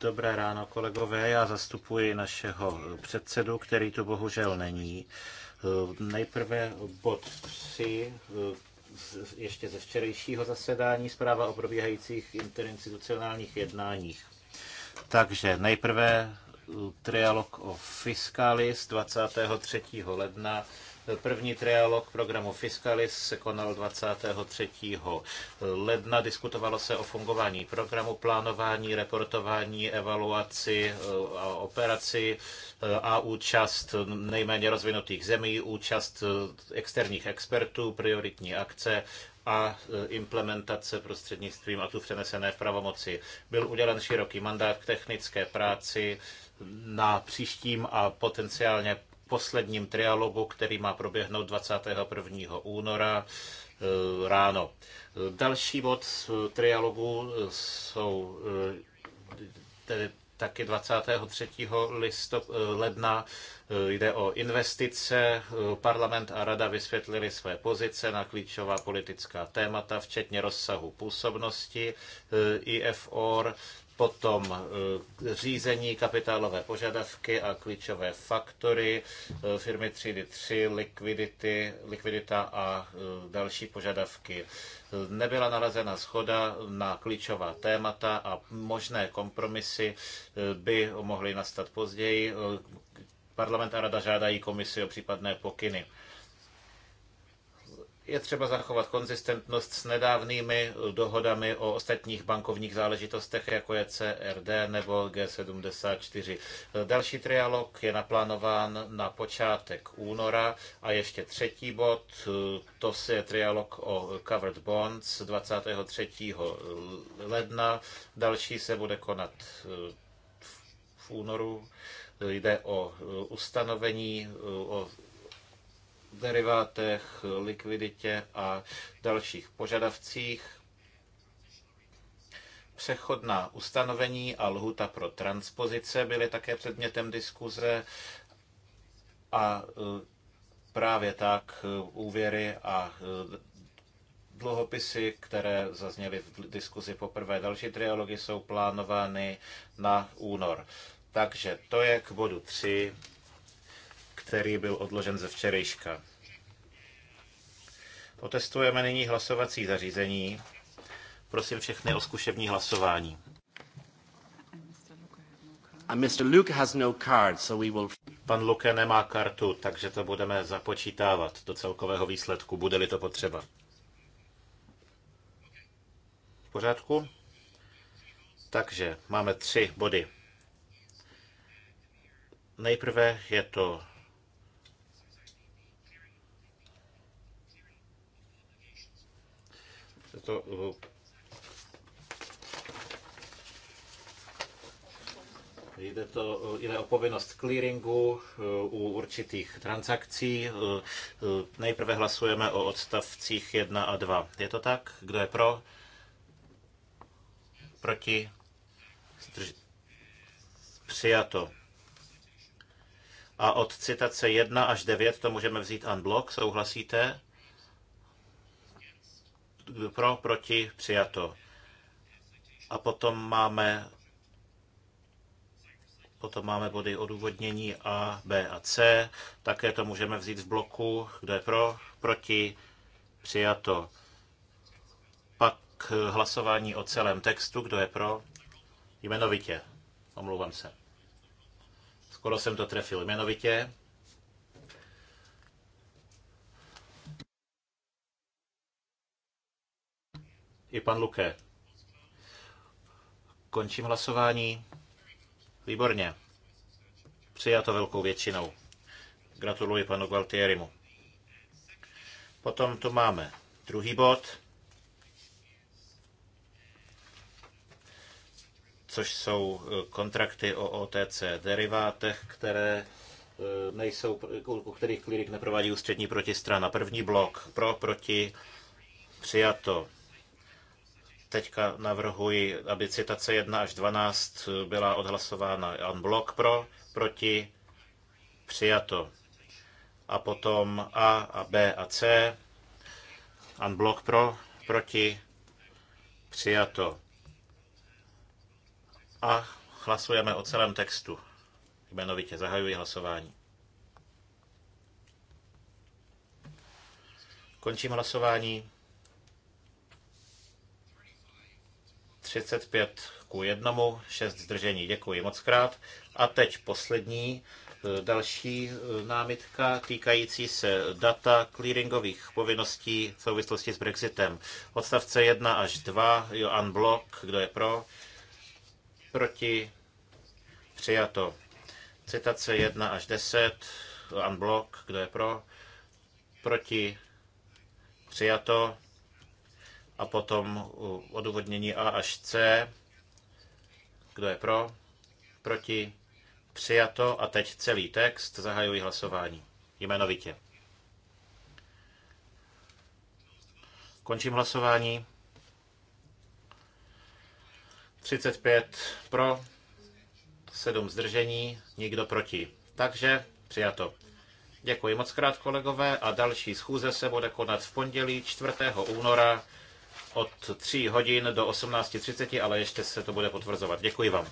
Dobré ráno, kolegové. Já zastupuji našeho předsedu, který tu bohužel není. Nejprve bod 3, ještě ze včerejšího zasedání, zpráva o probíhajících interinstitucionálních jednáních. Takže nejprve trialog o fiskalis 23. ledna První trialog programu Fiscalis se konal 23. ledna. Diskutovalo se o fungování programu, plánování, reportování, evaluaci eh, a operaci eh, a účast nejméně rozvinutých zemí, účast eh, externích expertů, prioritní akce a implementace prostřednictvím a tu přenesené pravomoci. Byl udělen široký mandát k technické práci na příštím a potenciálně posledním trialogu, který má proběhnout 21. února eh, ráno. Další bod trialogu jsou eh, tedy taky 23. Listop, eh, ledna jde o investice. Parlament a rada vysvětlili své pozice na klíčová politická témata, včetně rozsahu působnosti IFOR, potom eh, řízení kapitálové požadavky a klíčové faktory, eh, firmy třídy 3, likvidity, likvidita a eh, další požadavky. Nebyla nalezena schoda na klíčová témata a možné kompromisy by mohly nastat později. Parlament a rada žádají komisi o případné pokyny je třeba zachovat konzistentnost s nedávnými dohodami o ostatních bankovních záležitostech, jako je CRD nebo G74. Další trialog je naplánován na počátek února a ještě třetí bod, to je trialog o covered bonds 23. ledna. Další se bude konat eh, v únoru. Jde o eh, ustanovení eh, o derivátech, likviditě a dalších požadavcích, přechodná ustanovení a lhuta pro transpozice byly také předmětem diskuze a e, právě tak e, úvěry a e, dluhopisy, které zazněly v diskuzi poprvé. Další triology, jsou plánovány na únor. Takže to je k bodu 3 který byl odložen ze včerejška. Otestujeme nyní hlasovací zařízení. Prosím všechny o zkušební hlasování. Mr. Luke has no card, so we will... Pan Luke nemá kartu, takže to budeme započítávat do celkového výsledku, bude-li to potřeba. V pořádku? Takže máme tři body. Nejprve je to Je to uh, Jde, to, uh, jde o povinnost clearingu uh, u určitých transakcí. Nejprve hlasujeme o odstavcích 1 a 2. Je to tak? Kdo je pro? Proti? Zdrž... Přijato. A od citace 1 až 9 to můžeme vzít unblock, souhlasíte? pro, proti, přijato. A potom máme Potom máme body odůvodnění A, B a C. Také to můžeme vzít v bloku, kde je pro, proti, přijato. Pak eh, hlasování o celém textu, kdo je pro, jmenovitě. Omlouvám se. Skoro jsem to trefil jmenovitě. I pan Luke. Končím hlasování. Výborně. Přijato velkou většinou. Gratuluji panu Gualtierimu. Potom tu máme druhý bod, což jsou eh, kontrakty o OTC derivátech, které eh, nejsou, u kterých klirik neprovádí ústřední protistrana. První blok pro, proti, přijato. Teďka navrhuji, aby citace 1 až 12 byla odhlasována unblock pro, proti, přijato. A potom A a B a C, unblock pro, proti, přijato. A hlasujeme o celém textu. Jmenovitě zahajuji hlasování. Končím hlasování. 35 k 1, 6 zdržení. Děkuji moc krát. A teď poslední e, další e, námitka týkající se data clearingových povinností v souvislosti s Brexitem. Odstavce 1 až 2, Joan Blok, kdo je pro, proti, přijato. Citace 1 až 10, Joan Blok, kdo je pro, proti, přijato a potom odůvodnění A až C. Kdo je pro? Proti? Přijato. A teď celý text. Zahajuji hlasování. Jmenovitě. Končím hlasování. 35 pro, 7 zdržení, nikdo proti. Takže přijato. Děkuji moc krát, kolegové, a další schůze se bude konat v pondělí 4. února od 3 hodin do 18.30, ale ještě se to bude potvrzovat. Děkuji vám.